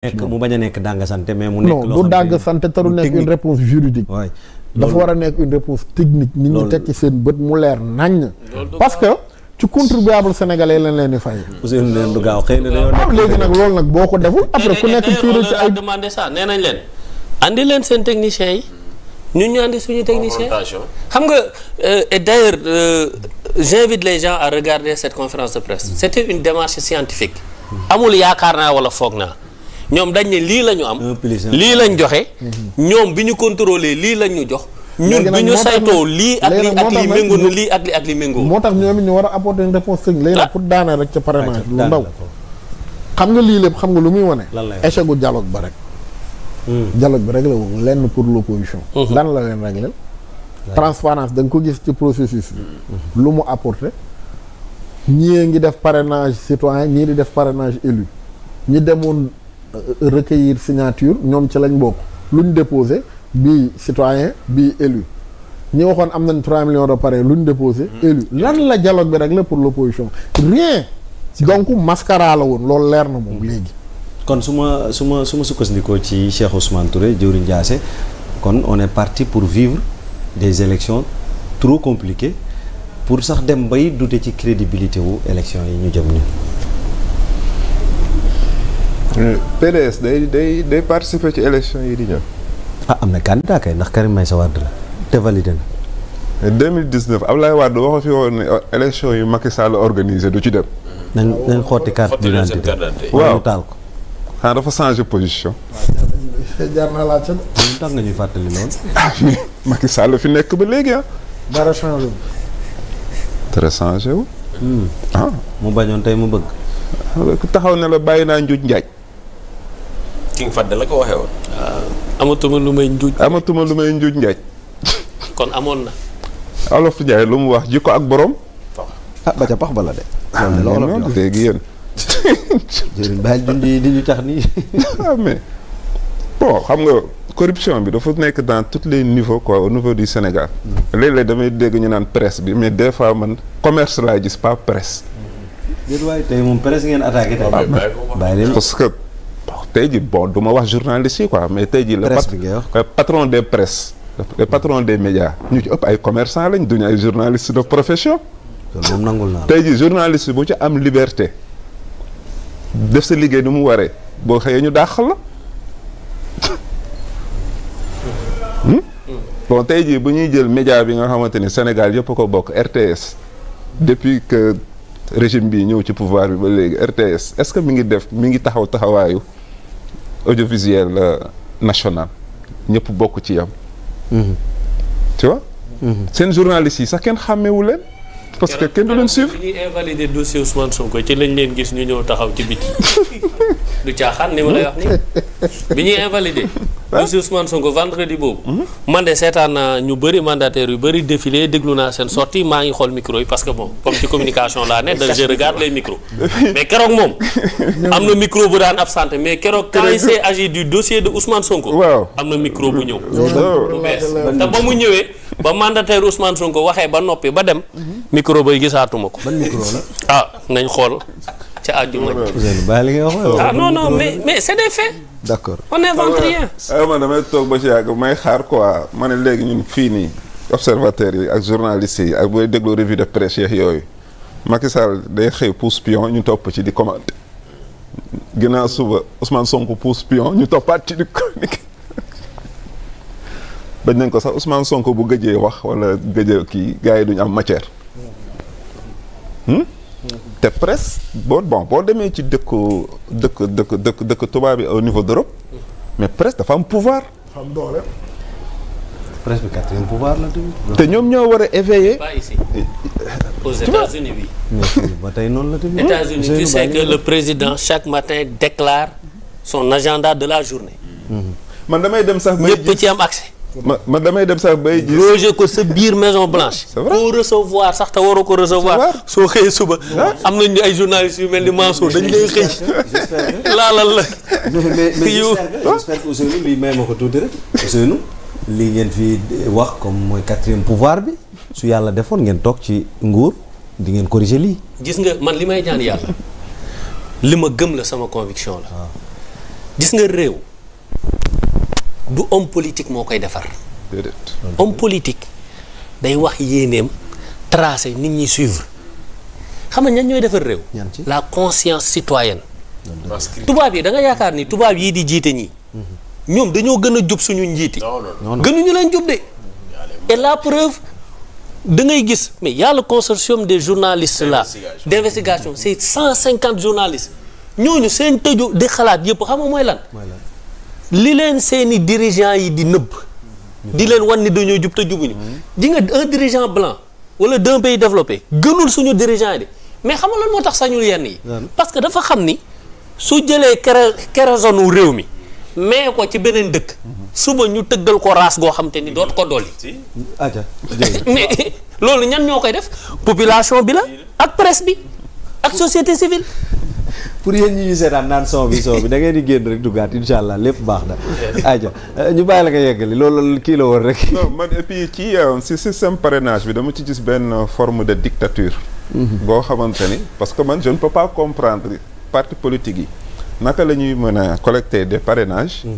nekk mu bañ a nekk dàng sante mais mu nekk non du dàng sante taru nekk une réponse juridique dafa war a nekk une réponse technique nit ñi teg seen bët mu leer naññ parce que ci contribuable sénégalais lañ leen di fay. Ousseynou leen du xëy na dañoo léegi nag lool nag boo ko deful après ku nekk tuuru ci ay demandé ça leen andi leen seen techniciens yi ñun ñu andi suñu technicien xam nga euh, et d'ailleurs euh, j'invite les gens à regarder cette conférence de presse c'était une amul yaakaar naa wala foog naa ñoom dañ ne lii la ñu am. lii lañ joxe. Mhm. ñoom bi ñu contrôler lii lañ ñu jox. ñun bi ñu saytoo lii ak lii ak li méngoo na moo tax ñoom ñu war a apporter une réponse sëñ léegi pour daanee rek ca parrainage lu ndaw. xam nga lii lépp xam nga lu muy wane. échec gu dialogue ba rek. Hmm. dialogue bi rek la woon lenn pour l' opposition. Mhm. lan la leen réglé. transparence da ko gis ci processus hmm. lu mu apporter. ñii ngi def parrainage citoyen ñii di def parrainage élu ñi demoon. Euh, recueillir signature ñoom ci lañ bokk luñ déposé bii citoyen bii élu ñi waxoon am nañ 3 millions de parrain luñ déposé. Mmh. élu lan la dialogue bi rek la pour l' opposition rien. donc mascara la woon loolu leer na moom léegi. kon su ma su ma su ci Cheikh Ousmane toure joriñ Ndiassé kon on est partie pour vivre des élections trop compliquées pour sax dem bay dute ci crédibilité wu élection yi ñu jëm nii. PDS day day day participer ci élection yi di ñëw. ah am na candidat kay ndax Karim Meïssa Wade la te validé na. 2019 Ablaye Wade waxu fi woon ne euh, élection yu Macky Sall organisé du ci dem. nañ nañ xotti carte d'identité waaw ko. xanaa dafa changé position. jaar naa laajte la. ñun tax nga fàttali noonu. ah mais Macky fi nekk ba léegi ah. dara changé wu. dara changé wu. Hmm. Ah. mu bañoon tey mu bëgg. taxaw ne la bàyyi naa njuuj njaaj. King Fahd la ko waxee woon. Ah, amatuma lu may njuuj. amatuma lu may njuuj njaaj. kon amoon na. Olof Ndiaye lu mu wax jikko ak borom. ah ba ca pax bala de. Ah, loolu la wax léegi yéen. jërëjëf bàyyi dund yi di ñu tax nii. Ah, mais xam nga corruption bi dafa nekk dans tous les niveaux quoi au niveau du Sénégal. Mm. léeg-léeg damay dégg ñu naan presse bi mais des fois man commerce laa gis pas presse. déedéet waaye tey moom presse ngeen attaqué tey. bàyyi parce que. tey ji bon du ma wax journaliste yi quoi mais tey ji le euh, patron des presses le patron des média ñu ci ëpp ay commerçant lañ duñu ay journaliste de profession moom nangul naa tey ji journaliste bu ci am liberté def sa liggéey ni mu waree boo xëyee ñu dàq la hmm? bon tey jii bu ñuy jël média bi nga xamante ni Sénégal yëpp ko bokk RTS depuis que régime bi ñëw ci pouvoir bi ba léegi RTS est-ce que mi ngi def mi ngi taxaw taxawaayu audiovisuel euh, national ñëpp bokk ci yam mhm. tu vois. Mhm. seen journalistes yi sax kenn xàmmewu leen. parce que kenn du leen suivre ñuy invalider dossier Ousmane Sonko ci lañ leen gis ñu ñëw taxaw ci biti lu caaxaan ni ma lay wax ni bi ñuy invalider. monsieur Ousmane Sonko vendredi boobu. Hmm? man de seetaan naa ñu bëri mandataires yu bëri défilé déglu naa seen sortie maa ngi xool micro yi parce que bon comme ci communication laa ne da je regarde les micros mais keroog moom. am na micro bu daan absenté mais keroog. quand il s'est agi du dossier de Sonko. am na micro bu ñëw. bu te ba mu ñëwee. ba mandataire Ousmane Sonko waxee ba noppi ba dem. Mhm. micro bay gisaatuma ko. ban micro la ah nañ xool ca àjjuma. ah non non mais mais c'est des faits. d' accord on n'invente ah rien. aywa ah man damay toog ba ci yàgg may xaar quoi ma ne léegi ñun fii nii observateurs yi ak journalistes yi ak booy déglu revue de presse yooyu Macky Sall day xëy pousse pion ñu topp ci di commenté ginnaaw suba Ousmane sonk pousse pion ñu toppaat ci di chronique bañ nañ ko sax Ousmane Sonko bu gëjee wax wala gëjee kii gars yi duñu am matière. Hmm? te presque boo bon boo demee ci dëkk dëkk dëkk dëkk dëkk tubaab yi au niveau d'Europe mais presse dafa am pouvoir. dafa doole. presse bi quatrième pouvoir la te ñoom ñoo war a éveiller. pas ici États-Unis bi. ba tey noonu la tamit. le président chaque matin déclare son agenda de la journée. Mhm. man damay dem sax. ñëpp ci am accès. ma ma damay dem sax bay gis. loger ko sa biir Maison Blanche. c'est vrai koo recevoir sax te waroo ko recevoir. soo xëyee suba. am nañu ay journalistes yu mel ni Mansour dañ lay xëy. laalal la. mais mais mais j'espère que lii ngeen fi wax comme mooy quatrième pouvoir bi su yàlla defoon ngeen toog ci nguur di ngeen corriger lii. gis nga man li may ñaan yàlla li ma gëm la sama conviction la. Ah. gis nga réew. du homme politique moo koy defar. déedéet homme politique day wax yéeneem tracé nit ñi suivre xam nga ñan ñooy defar réew. la conscience citoyenne. tubaab yi da nga yaakaar ni tubaab yii di jiite ñii. Mhm. ñoom dañoo gën a jub suñu njiiti. gënuñu leen jub de. et la preuve da ngay gis mais yàlla a le consortium des journalistes là d'investigation c'est cent cinquante journalistes ñooñu seen tëju di xalaat yëpp xam mooy lan. li leen seeni dirigeants yi di nëbb di leen wan ni dañoo jub te jubuñu di nga un dirigeant blanc wala d'un pays développé gënul suñu dirigeant yi de mais xam nga lan moo tax sañul yenn yi parce que dafa xam ni su jëlee kere kérosène wu réew mi mais ko ci beneen dëkk suba ñu tëggal ko raas goo xam te ni doot ko dolli mais loolu ñan ñoo koy def population bi la ak presse bi ak société civile pour yéen ñi ñu seetaan naan son bi son bi da ngeen di génn rek duggaat incha allah lépp baax na. aja ñu bàyyi la nga yeggali loolu kii la woon rek. non man et puis ci euh, si système parrainage bi dama ci gis benn forme de dictature. Mhm. boo xamante ni parce que man je ne peux pas comprendre parti politique yi naka la ñuy mën a collecter de parrainages. Mhm.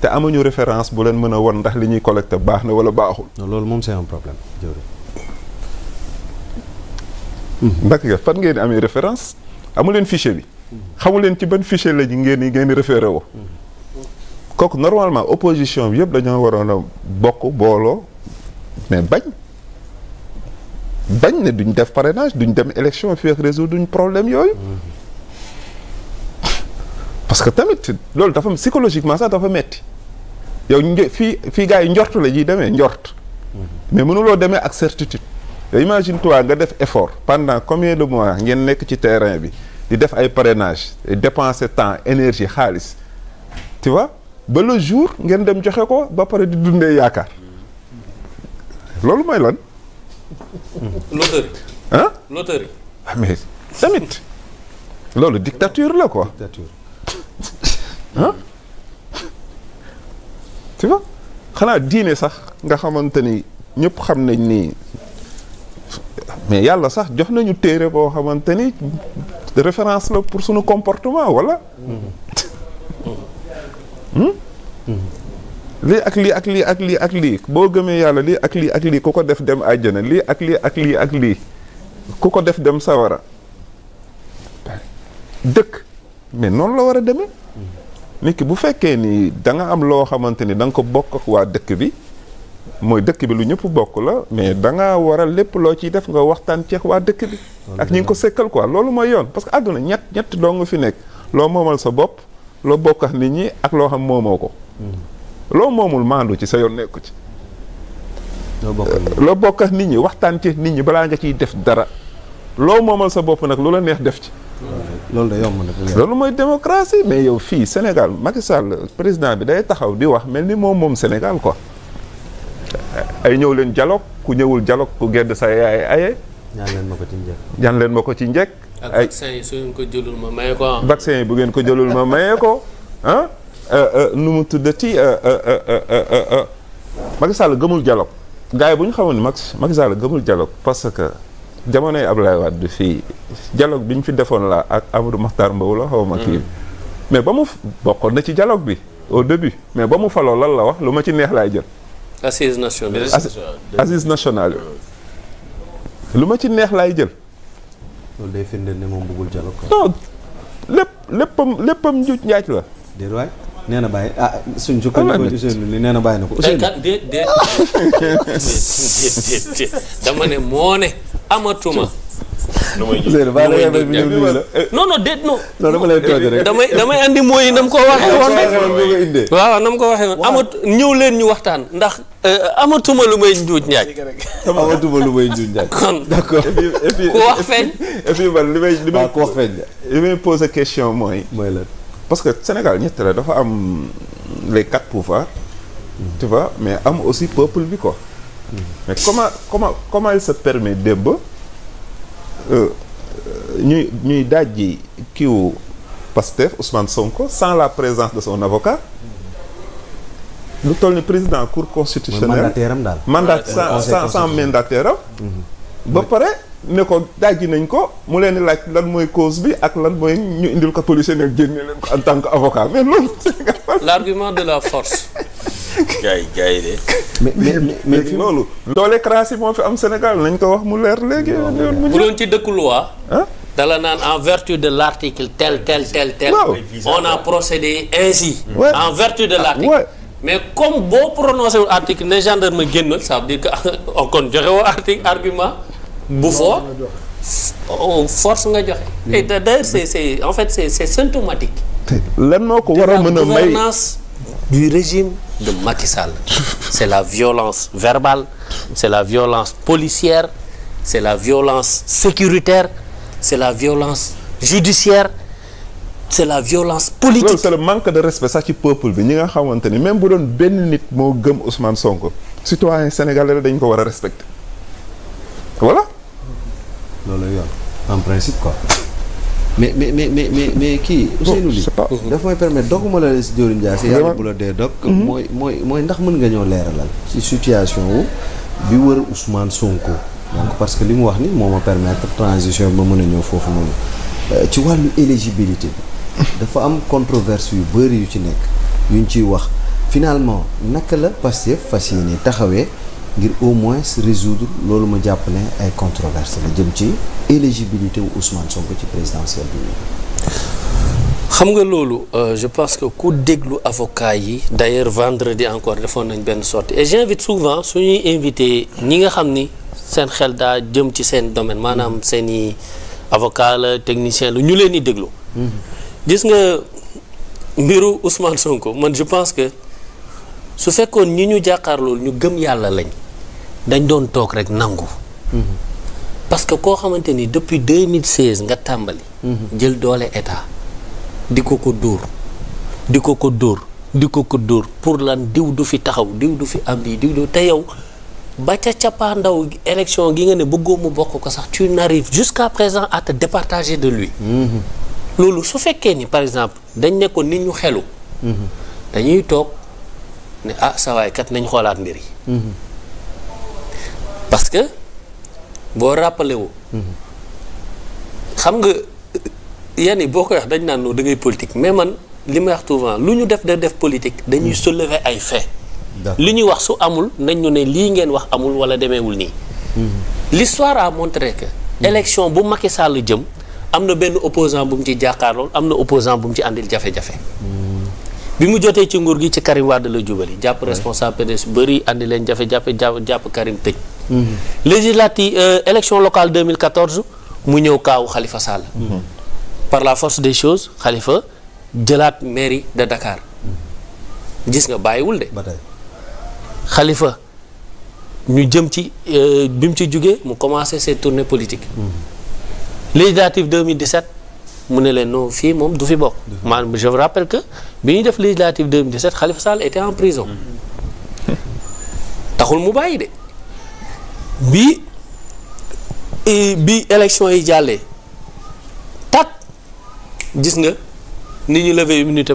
te amuñu référence bu leen mën a won ndax li ñuy collecter baax na wala baaxul. non loolu moom c'est un problème ndax fan ngeen amee référence amu leen fichier bi. xamu leen ci ban fichier ngeen ñu ngeen ngeen référé wo kooku normalement opposition bi yëpp dañoo waroon bokk booloo mais bañ bañ ne duñ def parrainage duñ dem élection fi ak résoudre duñ problème yooyu. parce que tamit loolu dafa psychologiquement sax dafa metti yow fii fii gars yi njort la ñuy demee njort. mais mënuloo demee ak certitude. imagine toi nga def effort pendant combien de mois ngeen nekk ci terrain bi. di def ay parrainage dépenser temps énergie xaalis tiwa ba le jour ngeen dem joxe ko ba pare di dundee yaakaar loolu mooy lan. loterie. ah loterie. ah mais tamit loolu dictature la ko ah. tu vois xanaa diine sax nga xamante ni ñëpp xam nañ nii mais yàlla sax jox nañu téere boo xamante ni référence la pour suñu comportement wala. Hmm? lii ak lii ak lii ak lii ak lii boo gëmee yàlla lii ak lii ak lii ku ko def dem àjjana lii ak lii ak lii ak lii ku ko def dem sawara dëkk mais noonu la war a deme nit ki bu fekkee ni danga am loo xamante ni danga ko bokk ak waa dëkk bi mooy dëkk bi lu ñëpp bokk la mais da ngaa war a lépp loo ciy def nga waxtaan ceex waa dëkk bi ak ñi ngi ko sekkal quoi loolu mooy yoon parce que àdduna ñett ñett doo nga fi nekk loo moomal sa bopp loo bokk ak nit ñi ak loo xam moomoo ko mm-hmm. loo moomul maandu ci sa yoon nekku ci loo bokk ak nit ñi waxtaan ci nit ñi balaa nga ciy def dara loo moomal sa bopp nag lu la neex def ci loolu da yomb nag loolu mooy démocratie mais yow fii Sénégal Macky Sall président bi day taxaw di wax mel ni moom moom Sénégal quoi ay ñëw leen dialogue ku ñëwul dialogue ku gedd sa yaay aye. ñaan leen ma ko ci njëkk. ñaan leen ma ko ci njëkk. ak vaccin yi su ngeen ko jëlul ma maye ko ah. bu ngeen ko jëlul ma maye ko ah, ah, ah nu mu tuddati ah, Macky Sall gëmul dialogue. gars yi bu ñu xamoon ne Macky gëmul dialogue parce que jamonoy Abdoulaye Wade fii dialogue bi ñu fi defoon la ak Amadou Makhtar Mbow la xaw ma kii. Hmm. mais ba mu bokkoon na ci dialogue bi au début mais ba mu faloo lan la wax lu ma ci neex laay jël. assise nationale assise nationale lu ma ci neex laay jël. loolu day firndeel ne moom bëggul dialogue. lépp léppam léppam njuuj njaaj la. déedéet nee na bàyyi ah suñ sukkandiku na bàyyi na ko. Ousseynou déet déet moo ne amatuma. non non déet non. non dama lay toog rek. damay damay andi mooy nam ko waxee woon rek. waaw nam ko waxee woon amat ñëw leen ñu waxtaan ndax. Euh, amatuma lu may njuuj njaaj. amatuma lu may njuuj njaaj. kon d'accord ku wax feeñ. et puis man li may li may ku wax feeñ li may poser question mooy. mooy lan parce que Sénégal ñett la dafa am les quatre pouvoirs. tu mais am aussi peuple bi quoi. Hmm. mais comment koma comment il se permet démb. Euh, euh, ñuy ñuy dajji kiiwu Pastef Ousmane Sonko sans la présence de son avoca lu toll ni président cour constitutionnelle mandataire am daal mandat sans san mandataire am mm-hmm. ba pare ne ko dajji nañ ko mu leen di laaj lan mooy cause bi ak lan mooy ñu indil ko policier nag génne leen ko en tant que avocat mais loolu l'argument de la force gars yi gars yi de. mais mais mais fi loolu. doole crasse yi moo fi am Sénégal nañ ko wax mu leer léegi. bu doon ci dëkk loi. dala naan en vertu de l' article tel tel tel tel. on a procédé ainsi. en vertu de ah, l' article. mais comme boo prononcé wul article ne gendarme génnal ça veut dire que kon joxe woo article argument bu fort force nga joxe. et d'ailleurs c'est c'est en fait c'est c'est symptomatique. lan moo ko war a mën a may gouvernance du régime de Macky Sall c'est la violence verbale c'est la violence policière c'est la violence sécuritaire c'est la violence judiciaire c'est la violence politique loolu c'est le manque de respect sax ci peuple bi ñi nga xamante ni même bu doon benn nit moo gëm Ousmane Sonko citoyen sénégalais la dañ ko war a respecter voilà. loolu mais mais mais mais mais kii. Ousseynou li daf may permettre doguma la si Diori Ndiaye si yàlla bu la dee dog. Mhm. mooy mooy ndax mën nga ñëw leeralal. ci situation wu bi wër Ousmane Sonko. donc parce que li mu wax ni moo ma permettre transition ba mën a ñëw foofu moom euh, ci wàllu éligibilité bi. dafa am controverse yu bëri yu ci nekk yu ñu ciy wax finalement naka la Pastef fas nii taxawee. ngir au moins résoudre loolu ma jàpp ne ay controverse la jëm ci éligibilité wu Ousmane Sonko ci présidentielle bi xam nga loolu euh, je pense que ku déglu avocat yi d'ailleurs vendredi encore defoon nañ benn sortie et j'invite souvent suñuy invité ñi nga xam ni seen xel daa jëm ci seen domaine maanaam mm-hmm. seeni avocat la technicien la ñu leen di déglu mm-hmm. gis nga mbiru Ousmane Sonko man je pense que su fekkoon ñi ñu jàkkaar loolu ñu gëm yàlla lañ dañ doon toog rek nangu. Mhm. parce que koo xamante ni depuis 2016 nga tàmbali. Mhm. jël doole état di ko ko dóor di ko ko dóor di ko ko dóor pour lan diw du fi taxaw diw du fi am lii diw du te yow ba ca cappaandaw élection gi nga ne bëggoo mu bokk ko sax tu n'arrives jusqu'à présent à te de lui. Mhm. loolu su fekkee ni par exemple dañ ne ko nit ñu xelu. dañuy toog ne ah sa waay kat nañ xoolaat mbir yi. parce que boo rappelé wu. xam nga yenn boo koy wax dañ naan noo da ngay politique mais man li may wax souvent lu ñu def da def politique dañuy mm. soulever ay fait li ñuy wax su amul nañ ñu ne lii ngeen wax amul wala demeewul nii. Mm-hmm. l'histoire a montré que. Mm. élection bu Macky Sall jëm am na benn opposant bu mu ci jàkkaarlool am na opposant bu mu ci àndil jafe-jafe. Mm. bi mu jotee ci nguur gi ci Karim Wade la jubali jàpp responsable PDS bëri andi leen jafe-jafe jàpp Karim tëj. législative euh, élection locale 2014 mu ñëw kaawu xalifa Sall. par la force des choses xalifa jëlaat mairie de Dakar gis nga bàyyiwul de. xalifa ñu jëm ci euh, bi mu ci jugee mu commencé ses tournées politiques. législative 2017 mu ne leen non fii moom du fi bokk. maanaam je vous rappelle que bi ñu def législative 2017 Khalifa Sall était en prison. Mm-hmm. taxul mu bàyyi de. bi bi élection yi jàllee tat gis nga ni ñu levé immunité